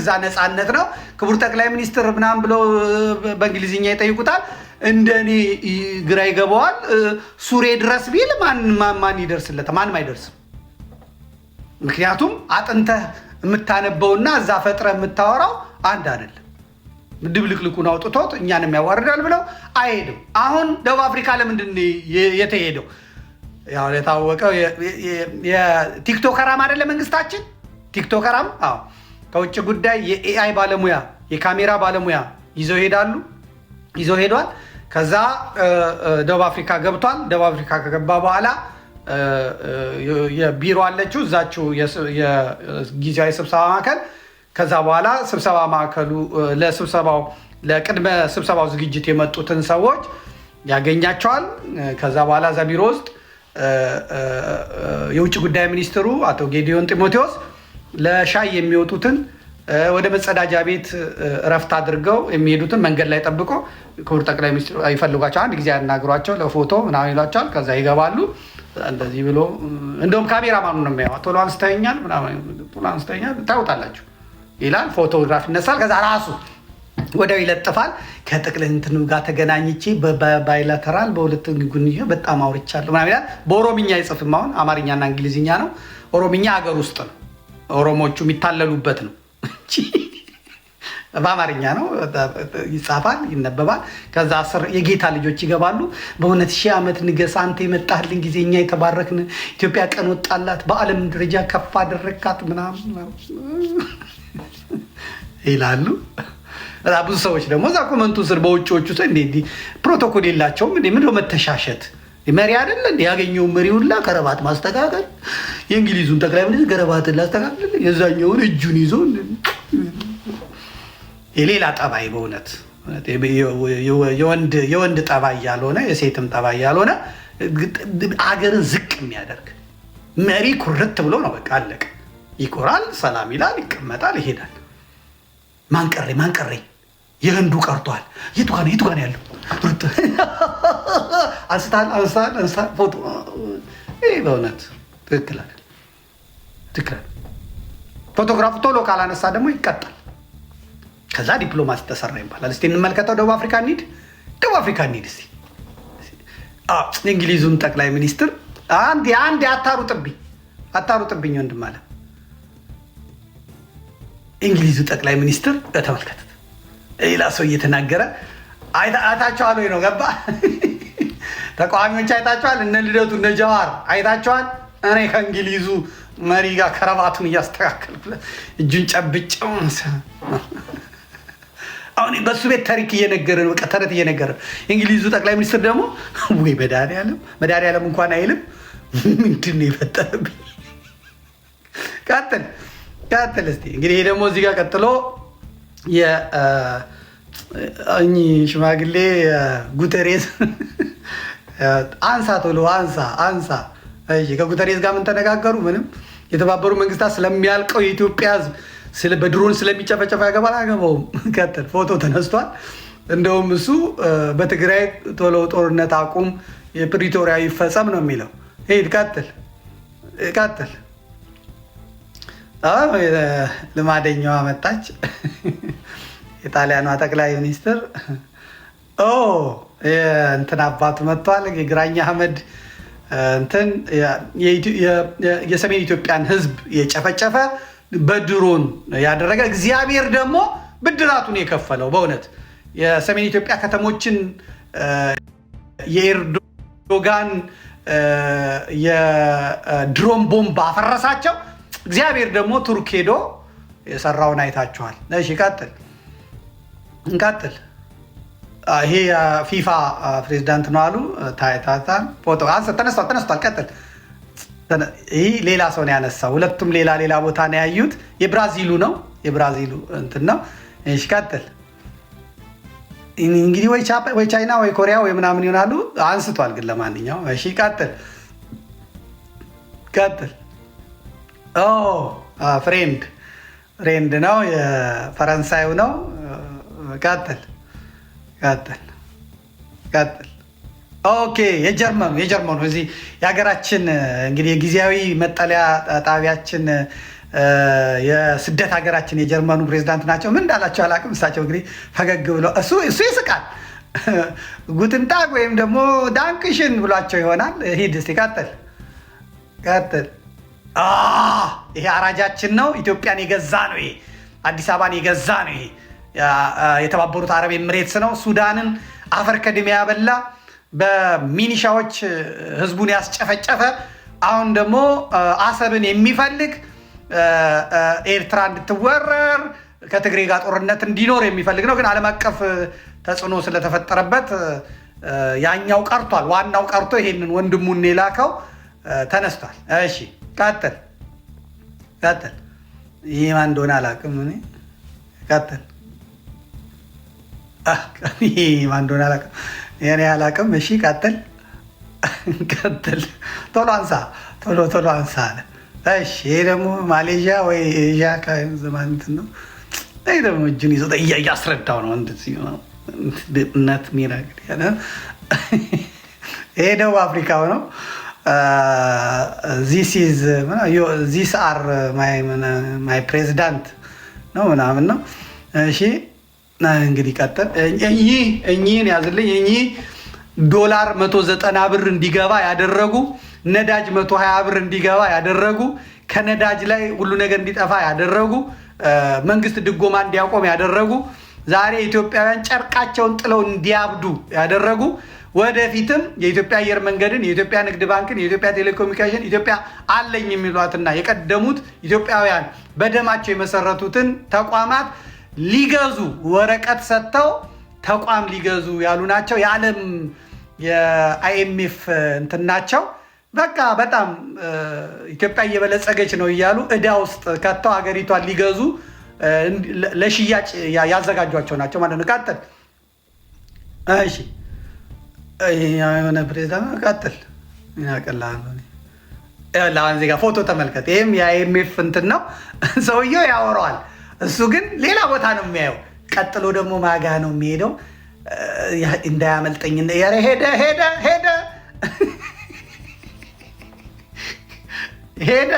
እዛ ነፃነት ነው። ክቡር ጠቅላይ ሚኒስትር ምናምን ብለው በእንግሊዝኛ ይጠይቁታል። እንደኔ ግራ ይገባዋል። ሱሬ ድረስ ቢል ማን ይደርስለት? ማንም አይደርስም። ምክንያቱም አጥንተህ የምታነበውና እዛ ፈጥረ የምታወራው አንድ አይደለም። ድብልቅልቁን አውጥቶት እኛንም ያዋርዳል ብለው አይሄድም። አሁን ደቡብ አፍሪካ ለምንድን የተሄደው? ያው የታወቀው የቲክቶከራም አይደለ መንግስታችን ቲክቶከራም አዎ ከውጭ ጉዳይ የኤአይ ባለሙያ የካሜራ ባለሙያ ይዘው ይሄዳሉ። ይዘው ሄዷል። ከዛ ደቡብ አፍሪካ ገብቷል። ደቡብ አፍሪካ ከገባ በኋላ ቢሮ አለችው እዛችው የጊዜያዊ ስብሰባ ማዕከል። ከዛ በኋላ ስብሰባ ማዕከሉ ለስብሰባው ለቅድመ ስብሰባው ዝግጅት የመጡትን ሰዎች ያገኛቸዋል። ከዛ በኋላ እዛ ቢሮ ውስጥ የውጭ ጉዳይ ሚኒስትሩ አቶ ጌዲዮን ጢሞቴዎስ ለሻይ የሚወጡትን ወደ መጸዳጃ ቤት እረፍት አድርገው የሚሄዱትን መንገድ ላይ ጠብቆ ክቡር ጠቅላይ ሚኒስትሩ ይፈልጓቸው፣ አንድ ጊዜ ያናግሯቸው፣ ለፎቶ ምናምን ይሏቸዋል። ከዛ ይገባሉ። እንደዚህ ብሎ እንደውም ካሜራማኑ ነው የሚያዋ ቶሎ አንስተኛል፣ ቶሎ አንስተኛል፣ ታውጣላችሁ ይላል። ፎቶግራፍ ይነሳል። ከዛ ራሱ ወደው ይለጥፋል። ከጠቅላይ እንትኑ ጋር ተገናኝቼ በባይላተራል በሁለት ጉንዮ በጣም አውርቻለሁ ምናምን ይላል። በኦሮምኛ አይጽፍም። አሁን አማርኛና እንግሊዝኛ ነው። ኦሮምኛ ሀገር ውስጥ ነው ኦሮሞቹ የሚታለሉበት ነው። በአማርኛ ነው ይጻፋል፣ ይነበባል። ከዛ ስር የጌታ ልጆች ይገባሉ። በእውነት ሺህ ዓመት ንገስ አንተ የመጣህልን ጊዜ እኛ የተባረክን ኢትዮጵያ ቀን ወጣላት፣ በዓለም ደረጃ ከፍ አደረካት ምናምን ይላሉ። ብዙ ሰዎች ደግሞ እዛ ኮመንቱ ስር በውጭዎቹ ፕሮቶኮል የላቸውም። ምንድን ነው መተሻሸት መሪ አይደለ እንደ ያገኘውን መሪ ሁላ ከረባት ማስተካከል፣ የእንግሊዙን ጠቅላይ ሚኒስትር ከረባትን ላስተካከል፣ የዛኛውን እጁን ይዞ የሌላ ጠባይ በእውነት የወንድ ጠባይ ያልሆነ የሴትም ጠባይ ያልሆነ አገርን ዝቅ የሚያደርግ መሪ ኩርት ብሎ ነው በቃ አለቀ። ይኮራል፣ ሰላም ይላል፣ ይቀመጣል፣ ይሄዳል። ማንቀሬ ማንቀሬ የህንዱ ቀርቷል። የቱ ጋ ነው የቱ ጋ ነው ያለው? አንስታል አንስታል አንስታል ፎቶ ይህ በእውነት ትክክል አይደል? ትክክል ፎቶግራፍ ቶሎ ካላነሳ ደግሞ ይቀጣል። ከዛ ዲፕሎማሲ ተሰራ ይባላል። እስቲ እንመልከተው። ደቡብ አፍሪካ እንሂድ፣ ደቡብ አፍሪካ እንሂድ እስቲ። እንግሊዙን ጠቅላይ ሚኒስትር አንድ የአንድ አታሩ ጥብኝ አታሩ ጥብኝ ወንድም አለ እንግሊዙ ጠቅላይ ሚኒስትር ተመልከተት፣ ሌላ ሰው እየተናገረ አይታችኋል ወይ ነው ገባ። ተቃዋሚዎች አይታችኋል። እነ ልደቱ እነ ጀዋር አይታችኋል። እኔ ከእንግሊዙ መሪ ጋር ከረባቱን እያስተካከል እጁን ጨብጭ አሁን በሱ ቤት ታሪክ እየነገረን በቃ ተረት እየነገረ እንግሊዙ ጠቅላይ ሚኒስትር ደግሞ ወይ መድኃኒዓለም መድኃኒዓለም እንኳን አይልም። ምንድን ነው የፈጠረብኝ? ቀጥል ቀጥል እስኪ እንግዲህ ደግሞ እዚህ ጋር ቀጥሎ እኚህ ሽማግሌ ጉተሬዝ አንሳ ቶሎ አንሳ አንሳ። ከጉተሬዝ ጋር ምን ተነጋገሩ? ምንም። የተባበሩ መንግስታት ስለሚያልቀው የኢትዮጵያ ህዝብ በድሮን ስለሚጨፈጨፍ ያገባል አገባውም። ቀጥል። ፎቶ ተነስቷል። እንደውም እሱ በትግራይ ቶሎ ጦርነት አቁም፣ የፕሪቶሪያ ይፈጸም ነው የሚለው። ሂድ ቀጥል፣ ቀጥል። ልማደኛዋ መጣች። የጣሊያኗ ጠቅላይ ሚኒስትር እንትን አባቱ መጥቷል። የግራኛ አህመድ እንትን የሰሜን ኢትዮጵያን ህዝብ የጨፈጨፈ በድሮን ያደረገ እግዚአብሔር ደግሞ ብድራቱን የከፈለው በእውነት የሰሜን ኢትዮጵያ ከተሞችን የኤርዶጋን የድሮን ቦምብ አፈረሳቸው። እግዚአብሔር ደግሞ ቱርክ ሄዶ የሰራውን አይታችኋል። እሺ፣ ይቀጥል። እንቀጥል። ይሄ የፊፋ ፕሬዚዳንት ነው አሉ። ታይታታል። ፎቶ ተነስቷል፣ ተነስቷል። ቀጥል። ይህ ሌላ ሰው ነው ያነሳው። ሁለቱም ሌላ ሌላ ቦታ ነው ያዩት። የብራዚሉ ነው የብራዚሉ እንትን ነው። እሺ ቀጥል። እንግዲህ ወይ ቻይና ወይ ኮሪያ ወይ ምናምን ይሆናሉ። አንስቷል ግን ለማንኛውም እሺ ቀጥል ቀጥል። ፍሬንድ ፍሬንድ ነው የፈረንሳዩ ነው ቀጥል ቀጥል ቀጥል። ኦኬ የጀርመኑ የጀርመኑ እዚህ የሀገራችን እንግዲህ የጊዜያዊ መጠለያ ጣቢያችን የስደት ሀገራችን የጀርመኑ ፕሬዚዳንት ናቸው። ምን እንዳላቸው አላውቅም። እሳቸው እንግዲህ ፈገግ ብለው እሱ እሱ ይስቃል። ጉትንታግ ወይም ደግሞ ዳንክሽን ብሏቸው ይሆናል። ሂድ እስኪ ቀጥል ቀጥል። ይሄ አራጃችን ነው። ኢትዮጵያን የገዛ ነው ይሄ። አዲስ አበባን የገዛ ነው ይሄ። የተባበሩት አረብ ኤምሬትስ ነው። ሱዳንን አፈር ከድሜ ያበላ በሚኒሻዎች ህዝቡን ያስጨፈጨፈ አሁን ደግሞ አሰብን የሚፈልግ ኤርትራ እንድትወረር ከትግሬ ጋር ጦርነት እንዲኖር የሚፈልግ ነው። ግን ዓለም አቀፍ ተጽዕኖ ስለተፈጠረበት ያኛው ቀርቷል። ዋናው ቀርቶ ይሄንን ወንድሙን የላከው ተነስቷል። እሺ ቀጥል ቀጥል። ይህ ማን እንደሆነ አላውቅም። ቀጥል ማን እንደሆነ አላውቅም፣ የእኔ አላውቅም። እሺ ቀጥል ቀጥል፣ ቶሎ አንሳ፣ ቶሎ ቶሎ አንሳ አለ። እሺ ይሄ ደግሞ ማሌዥያ ወይ ኤዥያ ዘማን ነው። ይሄ ደግሞ እጁን ይዞ እያስረዳው ነው። እንደዚህ ነው እናት ሚራ ይሄ ደቡብ አፍሪካው ነው። ዚስ አር ማይ ፕሬዚዳንት ነው ምናምን ነው። እሺ እንግዲህ ቀጥል። እኚህ እኚህን ያዝልኝ። እኚህ ዶላር መቶ ዘጠና ብር እንዲገባ ያደረጉ ነዳጅ መቶ ሀያ ብር እንዲገባ ያደረጉ ከነዳጅ ላይ ሁሉ ነገር እንዲጠፋ ያደረጉ መንግስት ድጎማ እንዲያቆም ያደረጉ ዛሬ ኢትዮጵያውያን ጨርቃቸውን ጥለው እንዲያብዱ ያደረጉ ወደፊትም የኢትዮጵያ አየር መንገድን፣ የኢትዮጵያ ንግድ ባንክን፣ የኢትዮጵያ ቴሌኮሙኒኬሽን ኢትዮጵያ አለኝ የሚሏትና የቀደሙት ኢትዮጵያውያን በደማቸው የመሰረቱትን ተቋማት ሊገዙ ወረቀት ሰጥተው ተቋም ሊገዙ ያሉ ናቸው። የዓለም የአይኤምኤፍ እንትን ናቸው። በቃ በጣም ኢትዮጵያ እየበለጸገች ነው እያሉ እዳ ውስጥ ከተው ሀገሪቷን ሊገዙ ለሽያጭ ያዘጋጇቸው ናቸው ማለት ነው። ቀጥል። እሺ የሆነ ፕሬዚዳንት ቀጥል ዜጋ ፎቶ ተመልከት። ይህም የአይኤምኤፍ እንትን ነው። ሰውየው ያወራዋል እሱ ግን ሌላ ቦታ ነው የሚያየው። ቀጥሎ ደግሞ ማጋ ነው የሚሄደው። እንዳያመልጠኝ ኧረ ሄደ ሄደ ሄደ ሄደ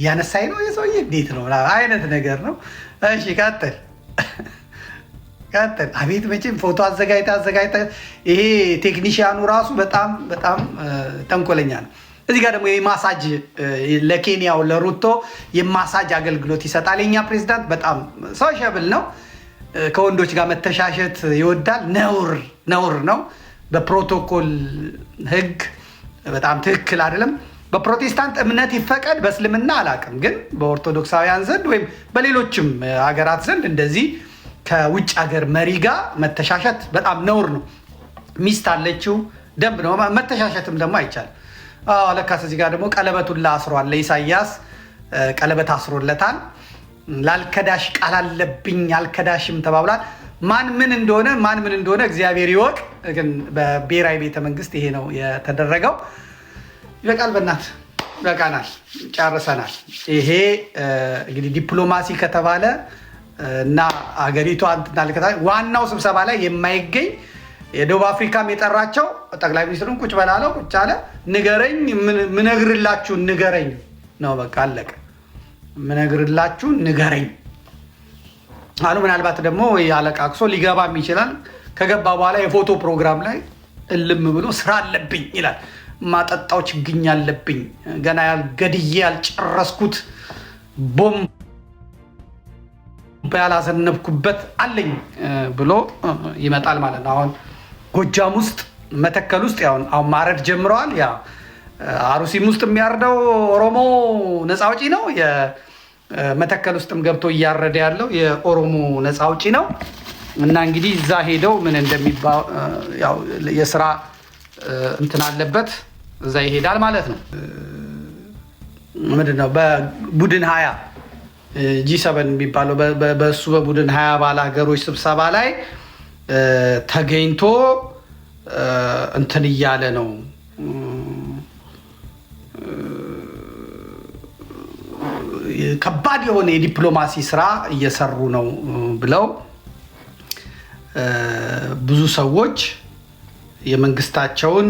እያነሳኝ ነው የሰውዬ እንዴት ነው አይነት ነገር ነው። እሺ ቀጥል ቀጥል። አቤት መቼም ፎቶ አዘጋጅተህ አዘጋጅተህ ይሄ ቴክኒሽያኑ ራሱ በጣም በጣም ተንኮለኛ ነው። እዚህ ጋር ደግሞ የማሳጅ ለኬንያው ለሩቶ የማሳጅ አገልግሎት ይሰጣል። የኛ ፕሬዚዳንት በጣም ሶሻብል ነው። ከወንዶች ጋር መተሻሸት ይወዳል። ነውር ነውር ነው። በፕሮቶኮል ህግ በጣም ትክክል አይደለም። በፕሮቴስታንት እምነት ይፈቀድ፣ በእስልምና አላቅም፣ ግን በኦርቶዶክሳውያን ዘንድ ወይም በሌሎችም ሀገራት ዘንድ እንደዚህ ከውጭ ሀገር መሪ ጋር መተሻሸት በጣም ነውር ነው። ሚስት አለችው፣ ደንብ ነው። መተሻሸትም ደግሞ አይቻልም። ለካስ እዚህ ጋር ደግሞ ቀለበቱን ላስሯል። ለኢሳያስ ቀለበት አስሮለታል። ላልከዳሽ ቃል አለብኝ አልከዳሽም ተባብሏል። ማን ምን እንደሆነ ማን ምን እንደሆነ እግዚአብሔር ይወቅ። ግን በብሔራዊ ቤተ መንግስት ይሄ ነው የተደረገው። ይበቃል፣ በእናት ይበቃናል፣ ጨርሰናል። ይሄ እንግዲህ ዲፕሎማሲ ከተባለ እና አገሪቷ ዋናው ስብሰባ ላይ የማይገኝ የደቡብ አፍሪካም የጠራቸው ጠቅላይ ሚኒስትሩን ቁጭ በላለው ቁጭ አለ። ንገረኝ ምነግርላችሁ ንገረኝ ነው በቃ አለቀ። ምነግርላችሁ ንገረኝ አሉ። ምናልባት ደግሞ ያለቃቅሶ ሊገባም ይችላል። ከገባ በኋላ የፎቶ ፕሮግራም ላይ እልም ብሎ ስራ አለብኝ ይላል። ማጠጣው ችግኝ አለብኝ ገና ያልገድዬ ያልጨረስኩት ቦምብ ያላዘነብኩበት አለኝ ብሎ ይመጣል ማለት ነው አሁን ጎጃም ውስጥ መተከል ውስጥ ያው አሁን ማረድ ጀምረዋል። ያ አሩሲም ውስጥ የሚያርደው ኦሮሞ ነፃ አውጪ ነው። መተከል ውስጥም ገብቶ እያረደ ያለው የኦሮሞ ነፃ አውጪ ነው እና እንግዲህ እዛ ሄደው ምን እንደሚባ የስራ እንትን አለበት እዛ ይሄዳል ማለት ነው። ምንድን ነው በቡድን ሀያ ጂ ሰበን የሚባለው በእሱ በቡድን ሀያ ባለ ሀገሮች ስብሰባ ላይ ተገኝቶ እንትን እያለ ነው ከባድ የሆነ የዲፕሎማሲ ስራ እየሰሩ ነው ብለው ብዙ ሰዎች የመንግስታቸውን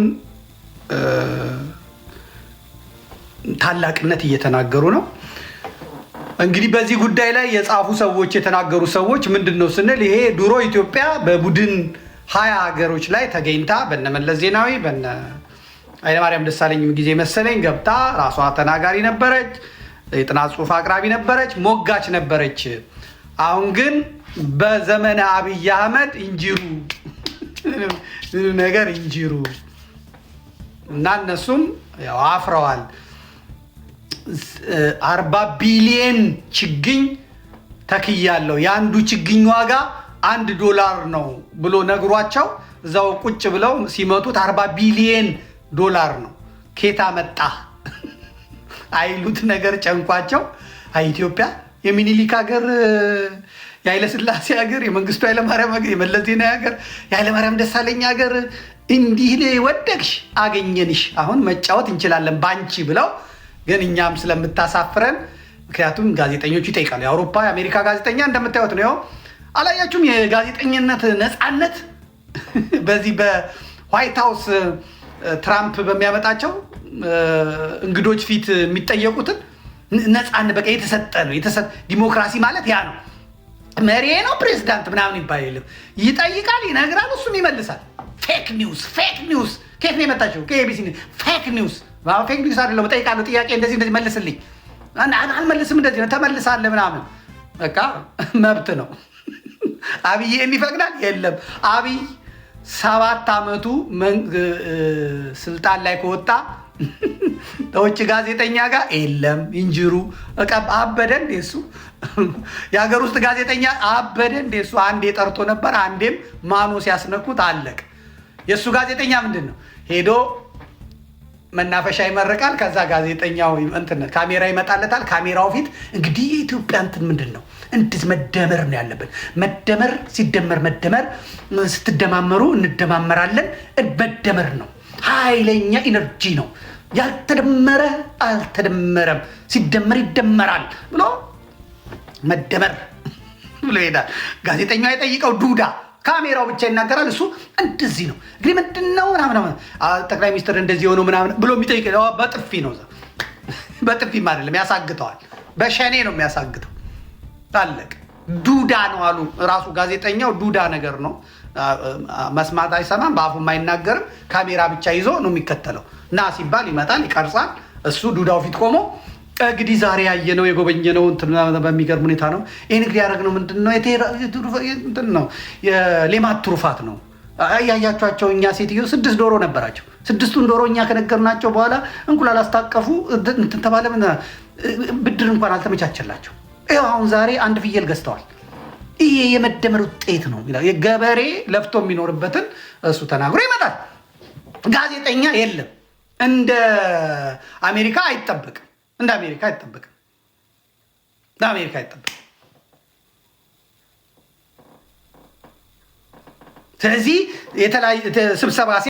ታላቅነት እየተናገሩ ነው። እንግዲህ በዚህ ጉዳይ ላይ የጻፉ ሰዎች የተናገሩ ሰዎች ምንድን ነው ስንል ይሄ ድሮ ኢትዮጵያ በቡድን ሀያ ሀገሮች ላይ ተገኝታ መለስ ዜናዊ በነ ኃይለማርያም ደሳለኝም ጊዜ መሰለኝ ገብታ ራሷ ተናጋሪ ነበረች፣ የጥናት ጽሁፍ አቅራቢ ነበረች፣ ሞጋች ነበረች። አሁን ግን በዘመነ አብይ አህመድ እንጂሩ ነገር እንጂሩ እና እነሱም ያው አፍረዋል። አርባ ቢሊየን ችግኝ ተክያለሁ የአንዱ ችግኝ ዋጋ አንድ ዶላር ነው ብሎ ነግሯቸው እዛው ቁጭ ብለው ሲመቱት አርባ ቢሊየን ዶላር ነው ኬታ መጣ አይሉት ነገር ጨንቋቸው ኢትዮጵያ የሚኒሊክ ሀገር የኃይለስላሴ ሀገር የመንግስቱ ኃይለማርያም ሀገር የመለስ ዜናዊ ሀገር የኃይለማርያም ደሳለኝ ሀገር እንዲህ ወደግሽ አገኘንሽ አሁን መጫወት እንችላለን ባንቺ ብለው ግን እኛም ስለምታሳፍረን ምክንያቱም ጋዜጠኞቹ ይጠይቃሉ። የአውሮፓ የአሜሪካ ጋዜጠኛ እንደምታዩት ነው። አላያችሁም? የጋዜጠኝነት ነፃነት በዚህ በዋይት ሀውስ ትራምፕ በሚያመጣቸው እንግዶች ፊት የሚጠየቁትን ነፃነት በቃ የተሰጠ ነው። ዲሞክራሲ ማለት ያ ነው። መሪ ነው ፕሬዚዳንት ምናምን ይባል የለም። ይጠይቃል፣ ይነግራል፣ እሱም ይመልሳል። ፌክ ኒውስ ፌክ ኒውስ ከየት ነው የመጣቸው? ከኤቢሲ ፌክ ኒውስ ከእንግሊዝ አይደለም እጠይቃለሁ ጥያቄ እንደዚህ እንደዚህ መልስልኝ። አልመልስም እንደዚህ ነው ተመልሳለ ምናምን በቃ መብት ነው። አብይ የሚፈቅዳል የለም። አብይ ሰባት ዓመቱ ስልጣን ላይ ከወጣ ከውጭ ጋዜጠኛ ጋር የለም እንጅሩ አበደ እንዴ እሱ የሀገር ውስጥ ጋዜጠኛ አበደ እንዴ እሱ አንዴ ጠርቶ ነበር፣ አንዴም ማኖ ሲያስነኩት አለቅ። የእሱ ጋዜጠኛ ምንድን ነው ሄዶ መናፈሻ ይመርቃል። ከዛ ጋዜጠኛው እንትን ካሜራ ይመጣለታል። ካሜራው ፊት እንግዲህ የኢትዮጵያ እንትን ምንድን ነው እንድት መደመር ነው ያለብን። መደመር ሲደመር መደመር ስትደማመሩ እንደማመራለን። መደመር ነው ኃይለኛ ኢነርጂ ነው። ያልተደመረ አልተደመረም፣ ሲደመር ይደመራል ብሎ መደመር ብሎ ይሄዳል። ጋዜጠኛው የጠይቀው ዱዳ ካሜራው ብቻ ይናገራል። እሱ እንደዚህ ነው እንግዲህ ምንድን ነው ምናምን ጠቅላይ ሚኒስትር እንደዚህ የሆነው ምናምን ብሎ የሚጠይቅ በጥፊ ነው። በጥፊም አይደለም ያሳግተዋል፣ በሸኔ ነው የሚያሳግተው። ታለቅ ዱዳ ነው አሉ ራሱ ጋዜጠኛው። ዱዳ ነገር ነው መስማት አይሰማም፣ በአፉም አይናገርም። ካሜራ ብቻ ይዞ ነው የሚከተለው። ና ሲባል ይመጣል፣ ይቀርጻል። እሱ ዱዳው ፊት ቆሞ እንግዲህ ዛሬ ያየነው የጎበኘነው በሚገርም ሁኔታ ነው። ይህን እንግዲህ ያደረግነው ምንድን ነው? የሌማት ትሩፋት ነው። ያያቸቸው እኛ ሴትዮ ስድስት ዶሮ ነበራቸው። ስድስቱን ዶሮ እኛ ከነገርናቸው በኋላ እንቁላል አስታቀፉ እንትን ተባለ። ብድር እንኳን አልተመቻቸላቸው። ይኸው አሁን ዛሬ አንድ ፍየል ገዝተዋል። ይሄ የመደመር ውጤት ነው። ገበሬ ለፍቶ የሚኖርበትን እሱ ተናግሮ ይመጣል። ጋዜጠኛ የለም፣ እንደ አሜሪካ አይጠበቅም። እንደ አሜሪካ አይጠበቅም። እንደ አሜሪካ አይጠበቅም። ስለዚህ የተለያየ ስብሰባ